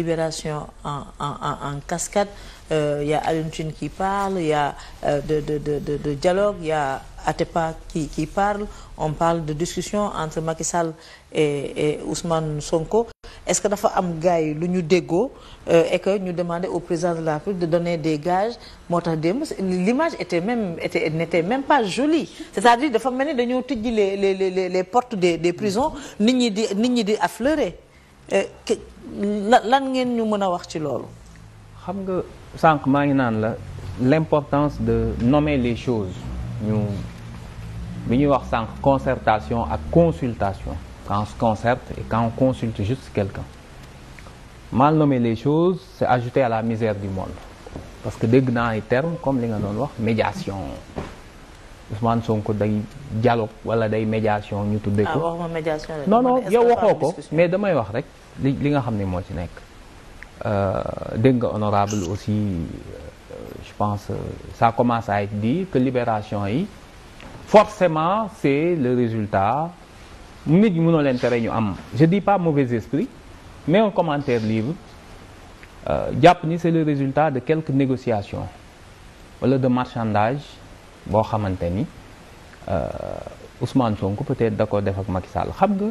libération en, en, en, en cascade. Il euh, y a Aluntune qui parle, il euh, de, de, de, de, dialogue, ya y a Atepa qui, qui, parle, on parle de discussion entre Macky Sall et, et Ousmane Sonko. Est-ce que dafa am gaay lu ñu déggoo e que ñu demander au président de la République de donner des gages moo tax démb l'image était même était n'était même pas jolie c'est-à-dire dafa mel ni dañoo tijji les les les les portes des des prisons nit ñi di affleurer Eh, lan ngeen ñu mën a wax ci loolu. xam nga sànq maa ngi naan la l'importance de nommer les choses ñu bi ñuy wax sànq concertation ak consultation quand concerte et quand on consulte juste quelqu'un mal nommer les choses c'est ajouter à la misère du monde parce que dégg naa ay termes comme li nga doon wax médiation Ousmane Sonko day dialogue wala day médiation ñu tuddee ko. ah yow waxoo ko mais damay wax rek li li nga xam ne moo ci nekk. Euh, dégg nga honorable aussi euh, je pense euh, ça commence di être dit que libération yi forcément c'est le résultat nit ñi mënoo leen tere ñu am je dis pas mauvais esprit mais un commentaire libre jàpp ni c'est le résultat de quelque négociation wala de marchandage. boo xamante ni euh, Ousmane Sonko peut-être da ko def ak Macky Sall xam nga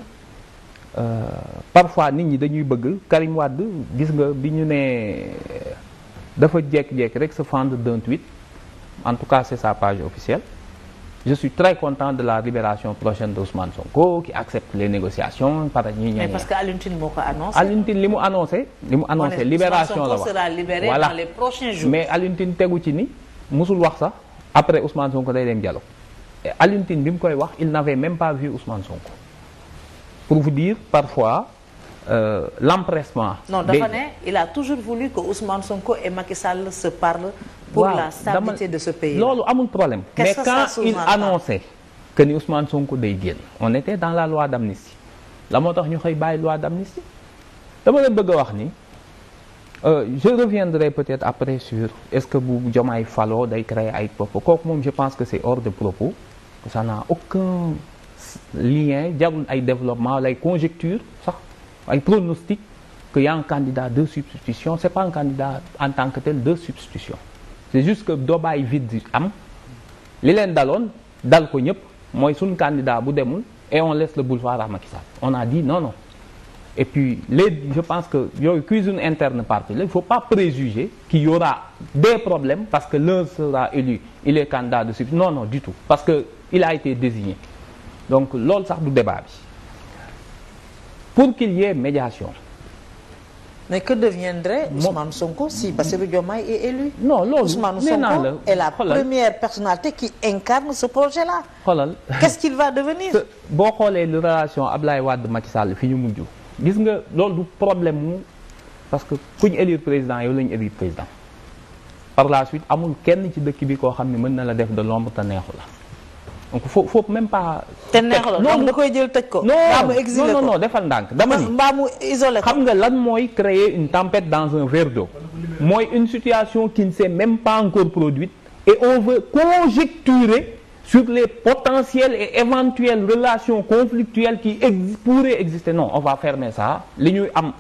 euh, parfois nit ñi dañuy bëgg Karim Wade gis nga bi ñu ne euh, dafa jékki-jékki rek se fendre d'un tweet en tout cas c'est sa page officielle je suis très content de la libération prochaine de Ousmane Sonko qui accepte les négociations par ñi ñooy. mais parce que Alioune li mu annoncé. li mu annoncé libération la wax Ousmane Sonko sera libéré dans mais Alioune tegu ci ni musul wax sax. après Ousmane Sonko day dem dialogue Alioune Tine bi mu koy wax il n'avait même pas vu Ousmane Sonko pour vous dire parfois euh, l'empressement non il a toujours voulu que Ousmane Sonko et Macky Sall se parlent pour wow. la stabilité de ce pays loolu amul problème mais quand il annonçait que ni Ousmane Sonko day génn on était dans la loi d'amnistie la moo tax ñu xëy bàyyi loi d'amnistie dama leen bëgg wax ni Euh, je reviendrai peut-être après sur est-ce que bu Diomaye falo day créer ay propos kooku moom je panse que c'est hors de propos ça n'a aucun lien jarul ay développement lay conjecture sax ay pronostic que y a un candidat de substitution c'est pas un candidat en tant que tel de substitution c'est juste que doobaay vide am li leen daloon dal ko ñëpp mooy suñ candidat bu demul et on laisse le boulevard à Macky on a dit non non et puis les je pense que yooyu cuisine interne parti la il faut pas préjuger qu'il y aura des problèmes parce que l'un sera élu il est candidat de suite non non du tout parce que il a été désigné donc loolu sax du débat pour qu'il y ait médiation mais que deviendrait Ousmane Sonko si Bassirou Diomaye est élu non loolu Ousmane Sonko est la première personnalité qui incarne ce projet là xoolal qu'est-ce qu'il va devenir boo xoolee relation Ablaye Wade Macky Sall fi ñu mujj gis nga loolu du problème mu parce que kuñ élire président yow la ñu élire président par la suite amul kenn ci dëkk bi koo xam ne mën na la def de l'ombre te neexu la donc faut foofu même pas. te neexu la loolu da koy jël teg ko. mbaa mu exilé ko non non defal ndànk dama mbaa mu isolé ko xam nga lan mooy créer une tempête dans un verre mooy une situation qui ne s'est même pas encore produite et on veut conjecturer sur les potentielles et éventuelles relations conflictuelles qui ex pourraient exister non on va fermer sa li ñuy am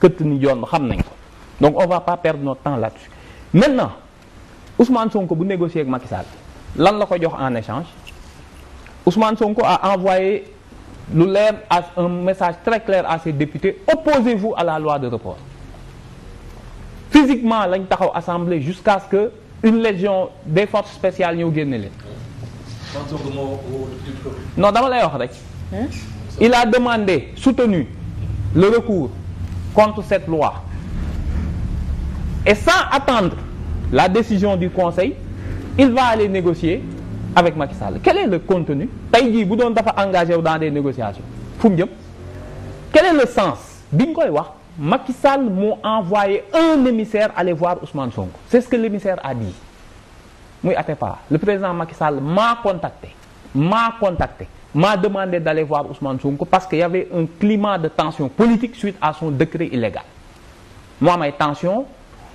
këtt ni yoon xam nañ ko donc on va pas perdre notre temps là-dessus maintenant Ousmane Sonko bu négocier ak Macky Sall lan la ko jox en échange Ousmane Sonko a envoyé lu leer à un message très clair à ses députés opposez-vous la loi de report physiquement lañ taxaw assemblée jusqu'à ce que une légion des forces spéciales ñëw génne leen non dama lay wax rek. il a demandé soutenu le recours contre cette loi et sans attendre la décision du conseil il va aller négocier avec Macky Sall quel est le contenu tey jii bu doon dafa engagé wu dans des négociations fu mu jëm quel est le sens bi ñu koy wax Macky Sall moo envoyé un émissaire aller voir Ousmane Sonko c'est ce que l'émissaire a dit. muy Atepa le président Macky Sall m'a contacté m'a contacté m'a demande d'aller voir Ousmane Sonko parce qu'il y avait un climat de tension politique suite à son décret illégal mu am ay tension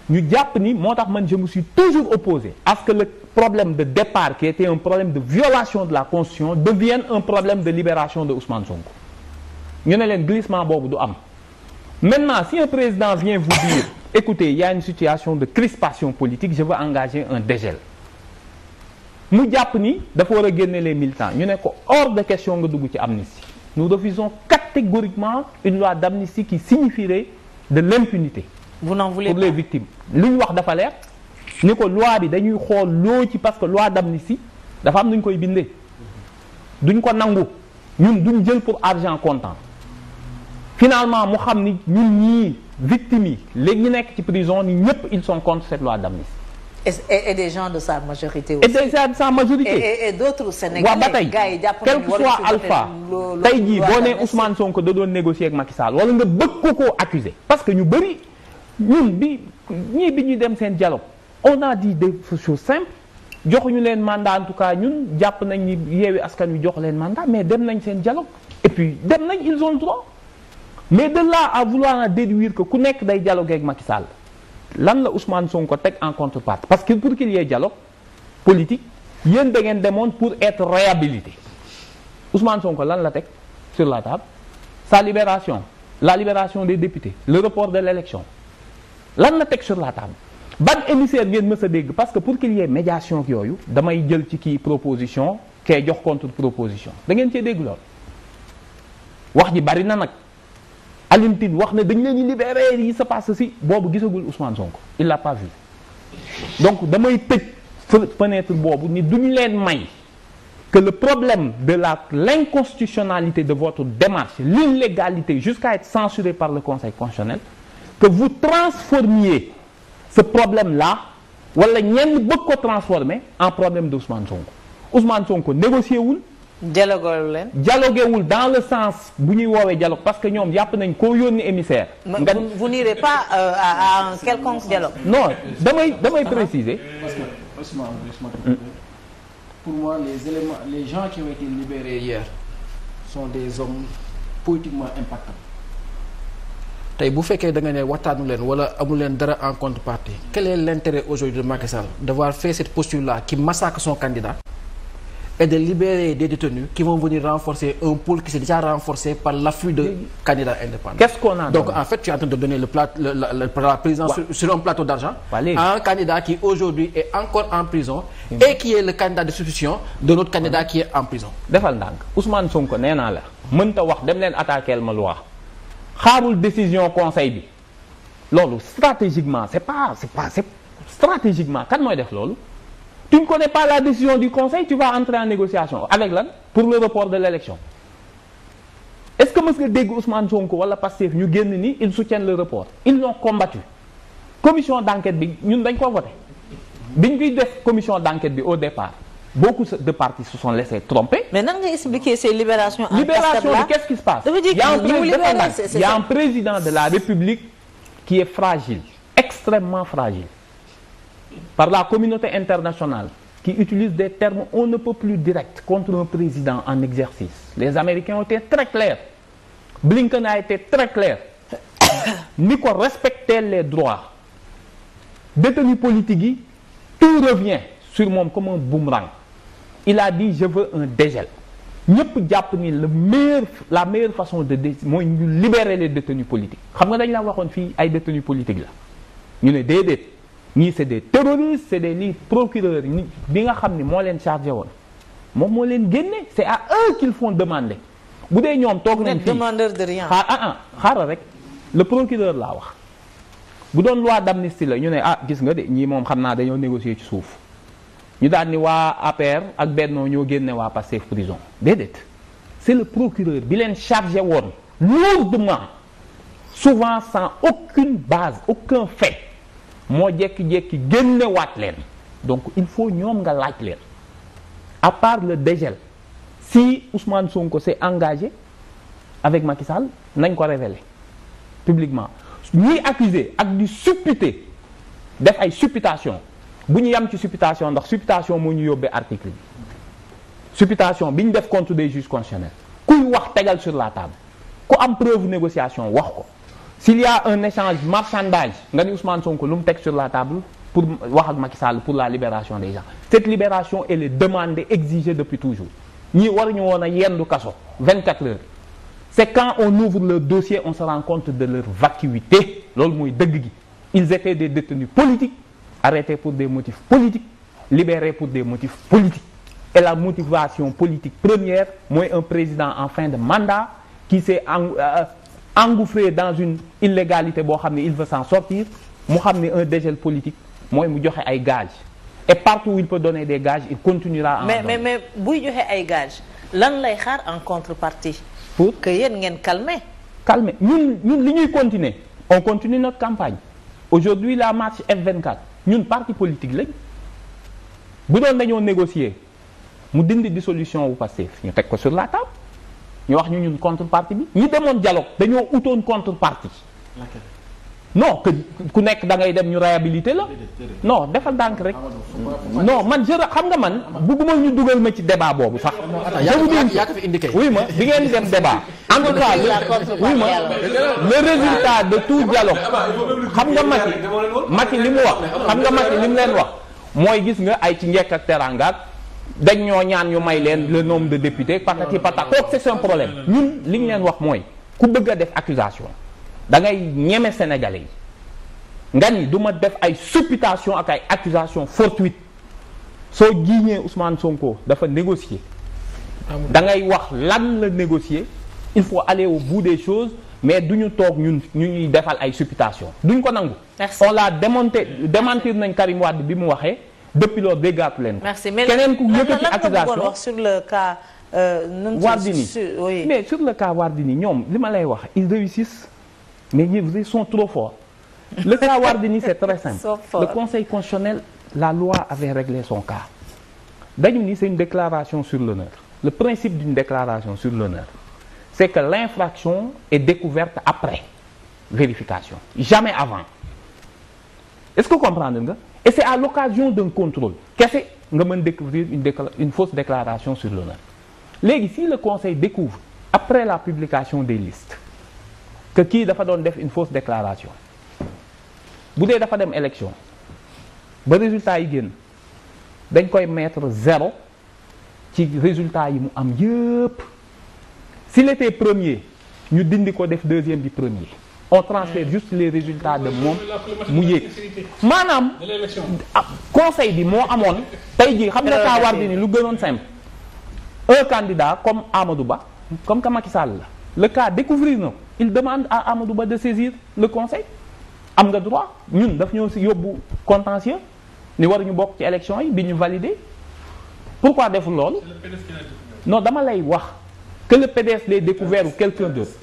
ñu jàpp ni moo tax man je me suis toujours opposé à que le problème de départ qui était un problème de violation de la constitution devienne un problème de libération de Ousmane Sonko ñu ne leen glissement boobu du am maintenant si un président vient vous dire situation de crispation politique je veux engager un dégel mu jàpp ni dafa war a génne les militants ñu ne ko hors de question nga dugg ci amnistie nous refusons catégoriquement une loi d'amnistie qui signifierait de l'impunité vous n'en voulez pour les victimes lu ñu wax dafa leer ni ko loi bi dañuy xool loo ci parce que loi d'amnistie dafa am nu ñu koy bindee duñ ko nangu ñun duñ jël pour argent comptant finalement mu xam ni ñun ñii victimes yi léegi ñu nekk ci prison ni ñëpp ils sont contre cette loi d'amnistie Et, et des gens de sa majorité aussi. et des gens de ba tey quel que soit alpha tey jii boo nee Ousmane Sonko da doon négocier ak Macky wala nga bëgg ko koo accuser parce que ñu bëri ñun bi ñii bi ñuy dem seen dialogue on a dit des choses simples joxuñu leen mandat en tout cas ñun jàpp nañ ni yeewi askan wi jox leen mandat mais dem nañ seen dialogue et puis dem nañ ils ont le mais de là à vouloir en déduire que ku nekk day dialoguer ak Macky Sall. lan la Ousmane Sonko teg en contrepartie parce que pour qu'il y dialogue politique yéen da ngeen demoon pour être réhabilité Ousmane Sonko lan la teg sur la table sa libération la libération des députés le report de l'élection lan la teg sur la table ban émissaire ngeen mës a dégg parce que pour qu'il y médiation yooyu damay jël ci kii proposition kee jox contre proposition da ngeen cee dégg lool wax ji bari na nag Alioune Tine wax ne dañ leen di libéré yi se passe si boobu gisagul Ousmane Sonko il l'a pas vu donc damay tëj fenêtre boobu ni duñu leen may que le problème de la l'inconstitutionnalité de votre démarche l'illégalité jusqu'à être censuré par le Conseil constitutionnel que vous transformiez ce problème la wala ñenn bëgg ko transformer en problème d'Ousmane Sonko Ousmane Sonko dialogewul leen. dialogewul dans le sens bu ñuy woowee dialogue parce que ñoom yàpp nañ koo yónni émissaire. nga vous, vous n'irez pas euh, à, à un damay damay préciser. parce que les éléments les gens des hommes politiquement impactants. tey bu fekkee da nga ne waxtaanu leen wala amu leen dara en contrepartie quel est l'intérêt aujourd'hui de Macky Sall d'avoir fait cette posture là qui massacre son candidat. e de libérer des détenus qui vont venir renforcer un pôle qui s'est déjà renforcé par l'afflux de candidats indépendants. Qu'est-ce qu'on a donc en fait tu es de donner le plat le, la, la, sur, un plateau d'argent un candidat qui aujourd'hui est encore en prison et qui est le candidat de substitution de notre candidat qui est en prison. defal ndànk Ousmane Sonko nee naa la mënta wax dem leen attaquer ma loi xaarul décision conseil bi loolu stratégiquement c'est pas c'est pas c'est kan mooy def tu ne connais pas la décision du conseil tu vas entrer en négociation avec lan pour le report de l'élection est-ce que mës nga dégg Ousmane Sonko wala Pastef ñu génn ni ils soutiennent le report ils l'ont combattu commission d'enquête bi ñun dañ ko voté biñ koy def commission d'enquête bi au départ beaucoup de partis se sont laissés tromper. mais libération bi qu'est-ce qui se passe. il y a un président de la République qui est fragile extrêmement fragile. par la communauté internationale qui utilise des termes on ne peut plus directs contre un président en exercice. Les Américains ont été très clairs. Blinken a été très clair. ni ko respecter les droits détenu politique yi tout revient sur moom comme un boomerang il a dit je veux un dégel ñëpp jàpp ni le meilleur la meilleure façon de dé mooy ñu libérer les détenus politiques xam nga dañ la waxoon fii ay détenus politiques la ñu ne déedéet ñii c'est des terroristes c'est des lii procureur ñi bi nga xam ni moo leen chargé woon moom moo leen génne c'est à eux qu'ils font demander bu dee ñoom toog nañ fii demandeur de xaar ah ah xaaral rek le procureur laa wax bu doon loi d'amnistie la ñu ne ah gis nga de ñii moom xam naa dañoo négocier ci suuf ñu daal ni waa APR ak bennoo ñoo génne waa Pastef prison déedéet c'est le procureur bi leen chargé woon lourdement souvent sans aucune base aucun fait moo jékki-jékki génnewaat leen donc il faut ñoom nga laaj leen à part le dégel si Ousmane Sonko s'est engagé avec makisal nañ ko révéler publiquement ñuy accuser ak di supputer def ay supputation bu ñu yam ci supputation ndax supputation moo ñu yóbbee article bi supputation bi ñu def contre des juges constitutionnels kuy wax tegal sur la table ku am preuve négociation wax ko s'il y a un échange marchandage nga ni Ousmane Sonko lu mu teg sur la table pour wax ak Macky pou pour la libération des gens cette libération elle est demandée exigée depuis toujours ñii waruñu woon a yendu kaso 24 heures c'est quand on ouvre le dossier on se rend compte de leur vacuité loolu mooy dëgg gi ils étaient des détenus politiques arrêtés pour des motifs politiques libérés pour des motifs politiques et la motivation politique première mooy un président en fin de mandat qui s'est en euh, engouffré dans une illégalité boo xam ne il veut s'en sortir mu xam ne un dégel politique mooy mu joxe ay gages et partout où il peut donner des gages il continuera à mais mais mais buy joxe ay gages lan lay xaar en contrepartie pour que yéen ngeen calmer calmer ñun ñun li ñuy continuer on continue notre campagne aujourd'hui la marche F24 ñun parti politique lañ bu doon nañoo négocier mu dindi di dissolution wu Pastef ñu teg ko sur la table ñu wax ñu ñun contrepartie bi ñi demoon dialogue dañoo utoon contrepartie. non que ku nekk da ngay dem ñu réhabilité la. no defal dànk rek. Mm. non man a xam nga man. bugguma ñu dugal ma ci débat boobu sax. yaa ko fi indiqué oui ma bi ngeen dem débat. en tout cas oui ma le résultat de tout dialogue xam nga Macky Macky li mu wax xam nga Macky li mu leen wax mooy gis nga ay ci njekk ak teraangaak dañ ñoo ñaan ñu may leen le nombre de députés patati patata kooku c'est un problème ñun li ñu leen wax mooy ku bëgg def accusation da ngay ñeme sénégalais yi nga ni duma def ay supputation ak ay accusation fortuite soo jiiñee Ousmane Sonko dafa négocier da ngay wax lan la négocier il faut aller au bout de choses mais du ñu toog ñun ñu ñuy defal ay supputation duñ ko nangu on l'a démonté demantir nañ Karim wàdd bi mu waxee depuis loolu déggaatu leen ko. merci mais keneen ku yëkkati accusation wax sur le cas. Euh, Wardini mais sur le cas Wardini ñoom li ma lay wax ils réussissent mais ils sont trop forts le cas Wardini c'est très simple. le conseil constitutionnel la loi avait réglé son cas. dañu ni c'est une déclaration sur l'honneur le principe d'une déclaration sur l'honneur c'est que l'infraction est découverte après vérification jamais avant est-ce que comprendre nga. et c'est à l'occasion d'un contrôle kese nga mën découvrir une décla une fausse déclaration sur l'honneur léegi si le conseil découvre après la publication des listes que kii dafa doon def une fausse déclaration bu dee dafa dem élection ba résultat yi génn dañ koy metre zéro ci résultat yi mu am yëpp s'il était premier ñu dindi ko def deuxième bi premier on transfère juste les résultats de moom mu yéeg maanaam ah, conseil bi moo amoon tey jii xam nga kaa war di ni lu gënoon simple un candidat comme Amadou Ba comme que Macky Sall la le cas découvrir na il demande à Amadou Ba de saisir le conseil am nga droit ñun daf ñoo si yóbbu contentieux ni waruñu bokk ci élection yi bi ñu valider pourquoi deful loolu non dama lay wax que le PDS l'ait découvert ou quelqu'un d'autre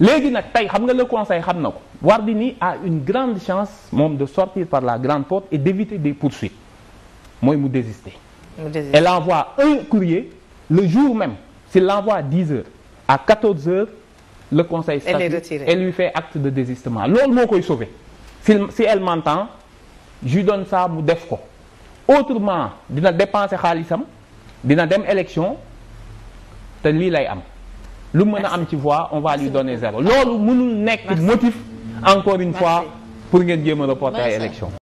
léegi nag tey xam nga le conseil xam na ko Wardini a une grande chance moom de sortir par la grande porte et d'éviter des poursuites mooy mu désister. mu désister elle envoie un courrier le jour même si l'envoie à 10 heures à 14 heures le conseil statue e est retirée et lui fait acte de désistement loolu moo koy sauver si si elle m'entend je lui donne ça mu def ko autrement dina dépenser xaalisam dina dem élection te lii lay am. lu mën a am ci voix on va lui donner zéro loolu mënul nekk motif encore une fois pour ngeen jéem a reporter ay